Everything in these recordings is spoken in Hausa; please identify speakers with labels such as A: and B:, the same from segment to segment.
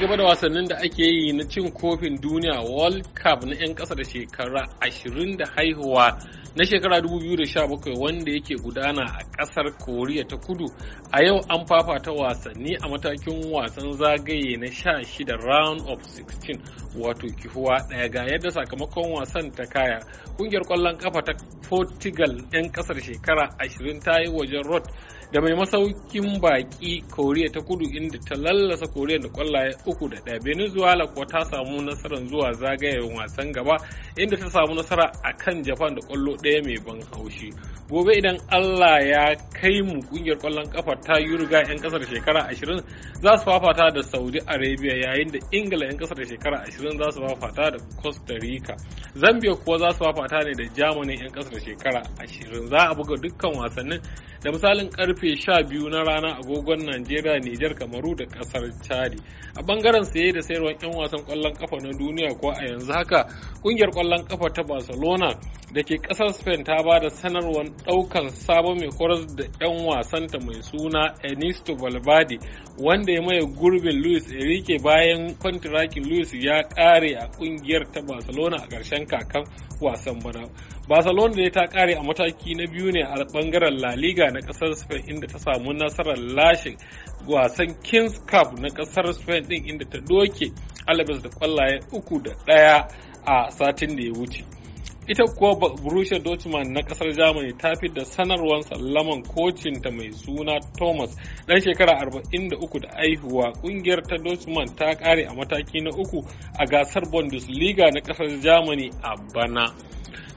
A: gaba da wasannin da ake yi na cin kofin duniya world cup na 'yan kasa da shekara 20 da haihuwa na shekara 2017 wanda yake gudana a kasar koriya ta kudu a yau an fafata wasanni a matakin wasan zagaye na 16 round of 16 wato kihuwa ɗaya ga yadda sakamakon wasan ta kaya ƙungiyar ƙwallon ƙafa ta portugal 'yan kasar shekara 20 ta yi wajen rot da mai masaukin baki koriya ta kudu inda ta lallasa koriya da kwallaye uku da ɗaya venezuela kuwa ta samu nasarar zuwa zagayen wasan gaba inda ta samu nasara a kan japan da kwallo ɗaya mai ban haushi gobe idan allah ya kai mu kungiyar kwallon kafa ta riga 'yan kasar shekara ashirin za su fafata da saudi arabia yayin da ingila 'yan kasar shekara ashirin za su fafata da costa rica zambia kuwa za su wafata ne da germany 'yan ƙasa shekara ashirin za a buga dukkan wasannin da misalin karfe 12 na rana agogon najeriya nijar kamaru da kasar chadi a bangaren saye da sayarwar 'yan wasan kwallon kafa na duniya kuwa a yanzu haka kungiyar kwallon kafa ta barcelona da ke kasar spain ta ba da sanarwar daukan sabon mai horar da 'yan wasanta mai suna enisto valverde wanda ya maye gurbin luis enrique bayan kwantirakin luis ya kare a kungiyar ta barcelona a karshen kakan wasan bana barcelona da ta kare a mataki na biyu ne a bangaren la liga na kasar spain inda ta samu nasarar lashe wasan kings cup na kasar spain din inda ta doke alabes da kwallaye uku da daya a satin da ya wuce ita kuwa Borussia Dortmund na kasar Germany ta fi da sanarwar sallaman kocin ta mai suna Thomas dan shekara 43 da aihuwa kungiyar ta Dortmund ta kare a mataki na uku a gasar Bundesliga na kasar Germany a bana.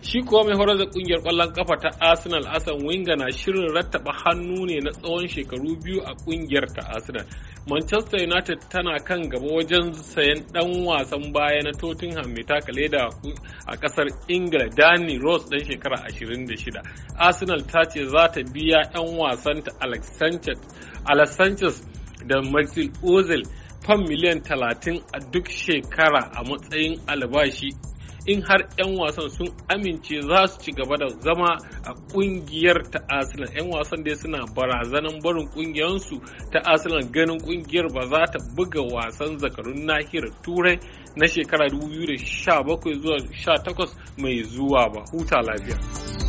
A: Shi kuwa mai horar da kungiyar kwallon kafa ta Arsenal Asan Winga na shirin rattaba hannu ne na tsawon shekaru biyu a kungiyar ta Arsenal. Manchester United tana kan gaba wajen sayan dan wasan baya na Tottenham mai taka leda a kasar Ingila Danny Rose dan shekara 26. Arsenal ta ce za ta biya 'yan wasanta Alex Sanchez da Maxil Ozil fan miliyan 30 a duk shekara a matsayin albashi in har 'yan wasan sun amince za su ci gaba da zama a kungiyar ta asilan 'yan wasan dai suna barazanan barin kungiyarsu ta asilan ganin kungiyar ba za ta buga wasan zakarun nahiyar turai na shekara 2017 zuwa 18 mai zuwa ba huta lafiya